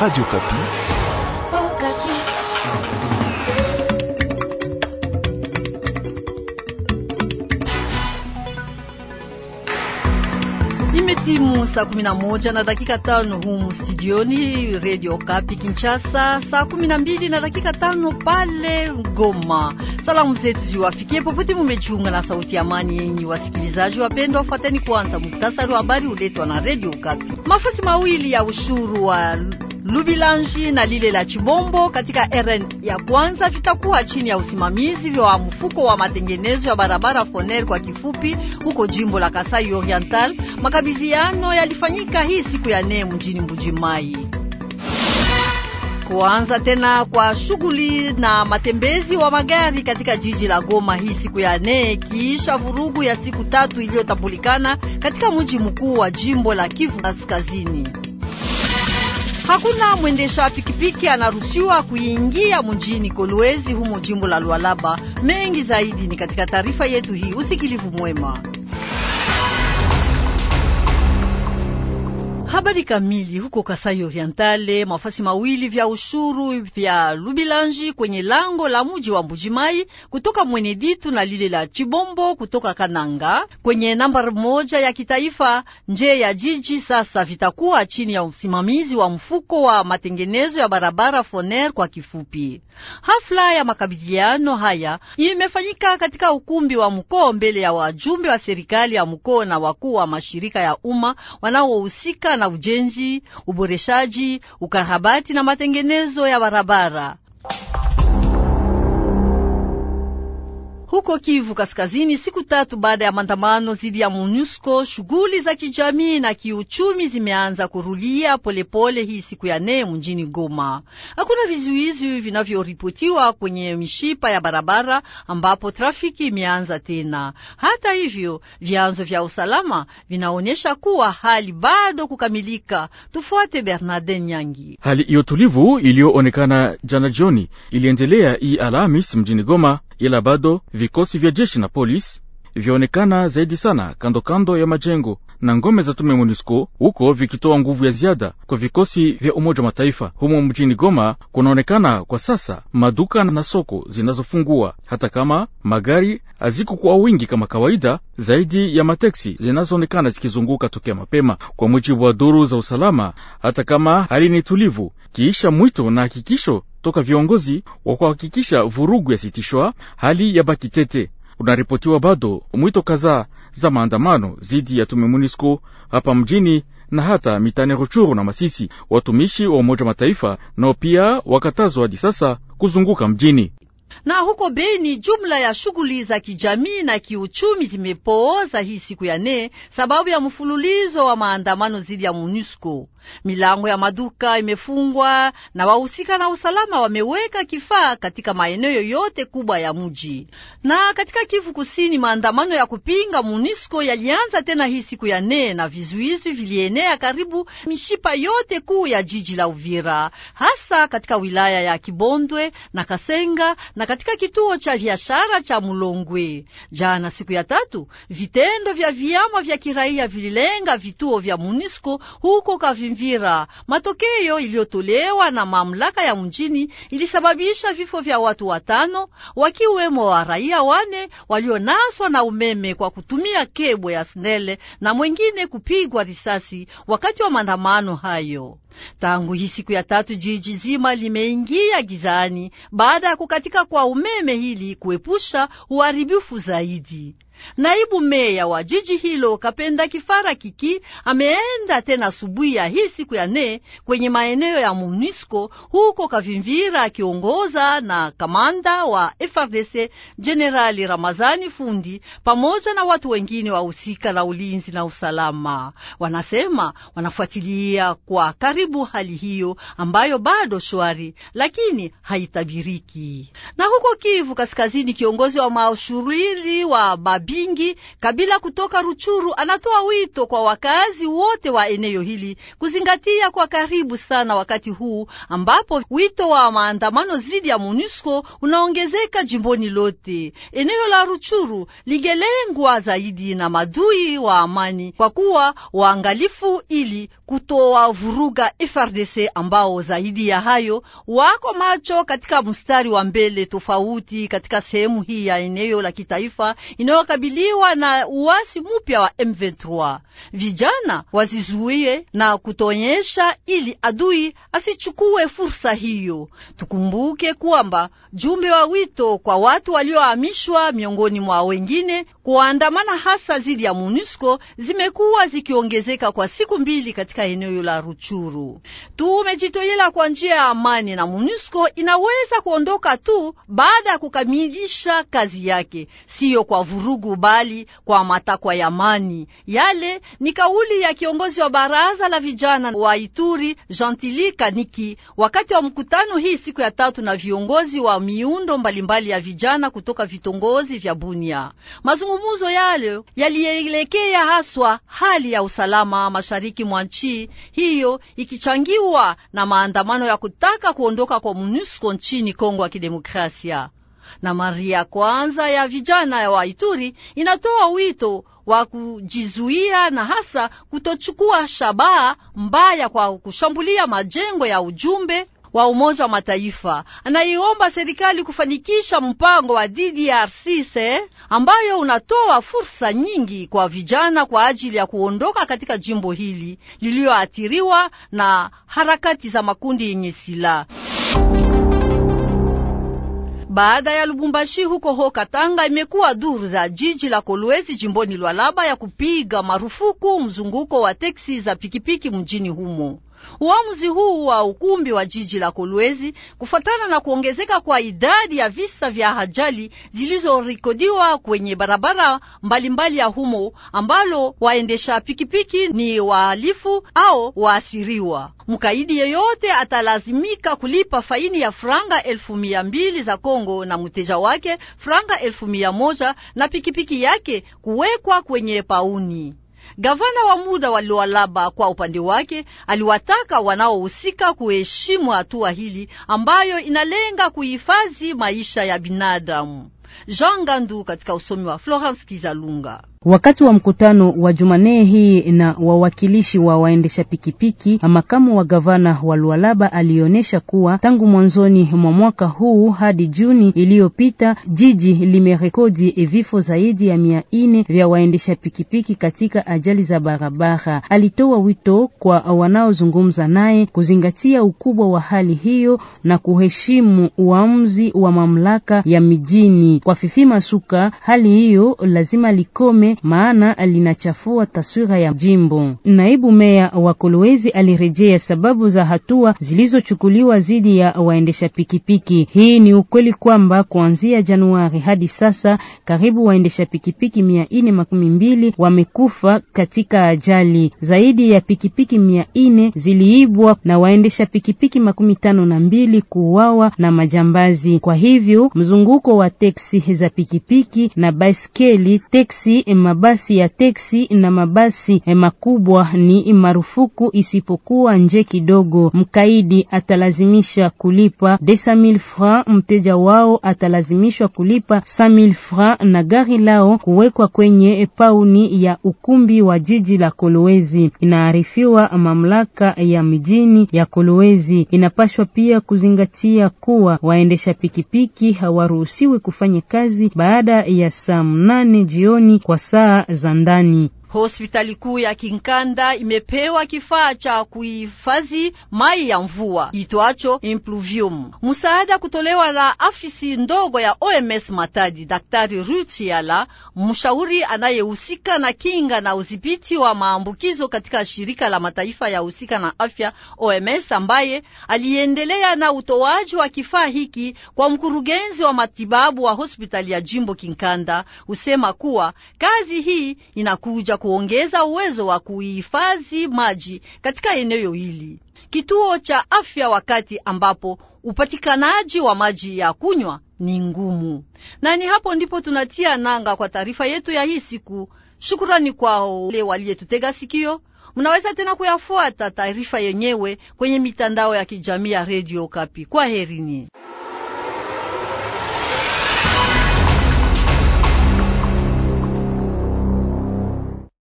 Radio Kapi. Oh, Kapi. Imetimu saa 11 na dakika tano humu studioni Radio Kapi Kinshasa, saa 12 na dakika tano pale Goma. Salamu zetu ziwafikie popote mumejiunga na sauti ya amani yenyi wasikilizaji wapendwa, fuateni kwanza muktasari wa habari uletwa na Radio Kapi. Mafasi mawili ya ushuru wa Lubilanji na lile la Chibombo katika RN ya kwanza vitakuwa chini ya usimamizi wa mfuko wa matengenezo ya barabara Foner kwa kifupi, huko jimbo la Kasai Oriental. Makabidhiano yalifanyika hii siku ya nne mjini Mbujimai. Kuanza tena kwa shughuli na matembezi wa magari katika jiji la Goma hii siku ya nne kiisha vurugu ya siku tatu iliyotambulikana katika mji mkuu wa jimbo la Kivu Kaskazini. Hakuna mwendesha pikipiki anaruhusiwa kuingia mjini Kolwezi humo jimbo la Lualaba. Mengi zaidi ni katika taarifa yetu hii. Usikilivu mwema. Habari kamili huko Kasai Orientale, mafasi mawili vya ushuru vya Lubilanji kwenye lango la muji wa Mbujimai kutoka Mweneditu na lile la Chibombo kutoka Kananga kwenye namba moja ya kitaifa nje ya jiji, sasa vitakuwa chini ya usimamizi wa mfuko wa matengenezo ya barabara Foner kwa kifupi. Hafla ya makabiliano haya imefanyika katika ukumbi wa mkoo mbele ya wajumbe wa serikali ya mkoo na wakuu wa mashirika ya umma wanaohusika na ujenzi, uboreshaji, ukarabati na matengenezo ya barabara. huko Kivu Kaskazini, siku tatu baada ya maandamano dhidi ya MONUSCO, shughuli za kijamii na kiuchumi zimeanza kurulia polepole hii siku ya nne mjini Goma. Hakuna vizuizi vinavyoripotiwa kwenye mishipa ya barabara ambapo trafiki imeanza tena. Hata hivyo, vyanzo vya usalama vinaonyesha kuwa hali bado kukamilika. Tufuate Bernarde Nyangi. Hali iyo tulivu iliyoonekana jana jioni iliendelea hii Alhamis mjini Goma ila bado vikosi vya jeshi na polisi vyaonekana zaidi sana kando kando ya majengo na ngome za tume MONUSCO huko vikitoa nguvu ya ziada kwa vikosi vya Umoja wa Mataifa. Humo mjini Goma kunaonekana kwa sasa maduka na soko zinazofungua, hata kama magari haziko wingi kama kawaida, zaidi ya mateksi zinazoonekana zikizunguka tokea mapema, kwa mujibu wa duru za usalama, hata kama hali ni tulivu, kiisha mwito na hakikisho toka viongozi wa kuhakikisha vurugu yasitishwa, hali ya baki tete. Unaripotiwa bado mwito kadhaa za maandamano dhidi ya tume MONUSCO hapa mjini na hata mitani Ruchuru na Masisi. Watumishi wa Umoja Mataifa nao pia wakatazwa hadi sasa kuzunguka mjini. Na huko Beni, jumla ya shughuli za kijamii na kiuchumi zimepooza hii siku ya nne sababu ya mfululizo wa maandamano dhidi ya MONUSCO. Milango ya maduka imefungwa na wahusika na usalama wameweka kifaa katika maeneo yote kubwa ya mji. Na katika Kivu Kusini, maandamano ya kupinga MONUSCO yalianza tena hii siku ya nne, na vizuizi vilienea karibu mishipa yote kuu ya jiji la Uvira, hasa katika wilaya ya Kibondwe na Kasenga na katika kituo cha biashara cha Mulongwe. Jana siku ya tatu, vitendo vya vyama vya kiraia vililenga vituo vya munisko huko Kavimvira. Matokeo iliyotolewa na mamlaka ya mjini ilisababisha vifo vya watu watano, wakiwemo wa raia wane walionaswa na umeme kwa kutumia kebo ya snele na mwengine kupigwa risasi wakati wa maandamano hayo. Tangu hii siku ya tatu jiji zima limeingia gizani baada ya kukatika kwa umeme, hili kuepusha uharibifu zaidi. Naibu meya wa jiji hilo Kapenda Kifara Kiki ameenda tena asubuhi ya hii siku ya nne kwenye maeneo ya MONUSCO huko Kavimvira, akiongoza na kamanda wa FRDC Jenerali Ramazani Fundi pamoja na watu wengine wahusika na ulinzi na usalama. Wanasema wanafuatilia kwa karibu hali hiyo ambayo bado shwari, lakini haitabiriki. Na huko Kivu Kaskazini, kiongozi wa mashuriri wa babi Bingi Kabila kutoka Ruchuru anatoa wito kwa wakazi wote wa eneo hili kuzingatia kwa karibu sana wakati huu ambapo wito wa maandamano dhidi ya MONUSCO unaongezeka jimboni lote. Eneo la Ruchuru ligelengwa zaidi na madui wa amani kwa kuwa waangalifu ili kutoa vuruga FRDC ambao zaidi ya hayo wako macho katika mstari wa mbele tofauti katika sehemu hii ya eneo la kitaifa inayo kukabiliwa na uasi mupya wa M23. Vijana wazizuie na kutonyesha ili adui asichukue fursa hiyo. Tukumbuke kwamba jumbe wa wito kwa watu waliohamishwa miongoni mwa wengine kuandamana hasa zidi ya MONUSCO zimekuwa zikiongezeka kwa siku mbili katika eneo la Ruchuru. Tumejitolela kwa njia ya amani na MONUSCO inaweza kuondoka tu baada ya kukamilisha kazi yake, siyo kwa vurugu kukubali kwa matakwa ya amani yale. Ni kauli ya kiongozi wa baraza la vijana wa Ituri Gentili Kaniki wakati wa mkutano hii siku ya tatu na viongozi wa miundo mbalimbali ya vijana kutoka vitongozi vya Bunia. Mazungumuzo yale yalielekea haswa hali ya usalama mashariki mwa nchi hiyo, ikichangiwa na maandamano ya kutaka kuondoka kwa MONUSCO nchini Kongo ya Kidemokrasia na Maria kwanza ya vijana wa Ituri inatoa wito wa kujizuia na hasa kutochukua shabaha mbaya kwa kushambulia majengo ya ujumbe wa Umoja wa Mataifa. Anaiomba serikali kufanikisha mpango wa DDRC ambayo unatoa fursa nyingi kwa vijana kwa ajili ya kuondoka katika jimbo hili lililoathiriwa na harakati za makundi yenye silaha. Baada ya Lubumbashi huko ho Katanga, imekuwa duru za jiji la Kolwezi jimboni Lwalaba ya kupiga marufuku mzunguko wa teksi za pikipiki mjini humo. Uamuzi huu wa ukumbi wa jiji la Kolwezi kufuatana na kuongezeka kwa idadi ya visa vya ajali zilizorekodiwa kwenye barabara mbalimbali mbali ya humo, ambalo waendesha pikipiki ni wahalifu au waasiriwa. Mkaidi yeyote atalazimika kulipa faini ya franga elfu mia mbili za Kongo na mteja wake franga elfu mia moja na pikipiki yake kuwekwa kwenye pauni. Gavana wa muda wa Lualaba kwa upande wake aliwataka wanaohusika kuheshimu hatua hili ambayo inalenga kuhifadhi maisha ya binadamu. Jean Gandu katika usomi wa Florence Kizalunga. Wakati wa mkutano wa Jumanne hii na wawakilishi wa waendesha pikipiki, makamu wa gavana wa Lualaba alionyesha kuwa tangu mwanzoni mwa mwaka huu hadi Juni iliyopita jiji limerekodi vifo zaidi ya mia nne vya waendesha pikipiki katika ajali za barabara. Alitoa wito kwa wanaozungumza naye kuzingatia ukubwa wa hali hiyo na kuheshimu uamuzi wa mamlaka ya mijini. Kwa fifima suka hali hiyo lazima likome maana linachafua taswira ya jimbo. Naibu meya wa Kolwezi alirejea sababu za hatua zilizochukuliwa dhidi ya waendesha pikipiki. Hii ni ukweli kwamba kuanzia Januari hadi sasa karibu waendesha pikipiki mia nne makumi mbili wamekufa katika ajali. Zaidi ya pikipiki mia nne ziliibwa na waendesha pikipiki makumi tano na mbili kuuawa na majambazi. Kwa hivyo mzunguko wa teksi za pikipiki na baiskeli teksi mabasi ya teksi na mabasi eh, makubwa ni marufuku isipokuwa nje kidogo. Mkaidi atalazimisha kulipa desa francs, mteja wao atalazimishwa kulipa 5000 francs na gari lao kuwekwa kwenye pauni ya ukumbi wa jiji la Kolwezi. Inaarifiwa mamlaka ya mijini ya Kolwezi inapashwa pia kuzingatia kuwa waendesha pikipiki hawaruhusiwi kufanya kazi baada ya saa mnane jioni kwa saa za ndani Hospitali kuu ya Kinkanda imepewa kifaa cha kuhifadhi mai ya mvua itwacho impluvium. Msaada kutolewa na afisi ndogo ya OMS Matadi. Daktari Yala, mshauri anayehusika na kinga na udhibiti wa maambukizo katika shirika la mataifa ya husika na afya OMS, ambaye aliendelea na utoaji wa kifaa hiki kwa mkurugenzi wa matibabu wa hospitali ya Jimbo Kinkanda, husema kuwa kazi hii inakuja kuongeza uwezo wa kuhifadhi maji katika eneo hili. Kituo cha afya, wakati ambapo upatikanaji wa maji ya kunywa ni ngumu. Na ni hapo ndipo tunatia nanga kwa taarifa yetu ya hii siku. Shukrani kwao wale waliyetutega sikio. Mnaweza tena kuyafuata taarifa yenyewe kwenye mitandao ya kijamii ya Radio Kapi. Kwa herini.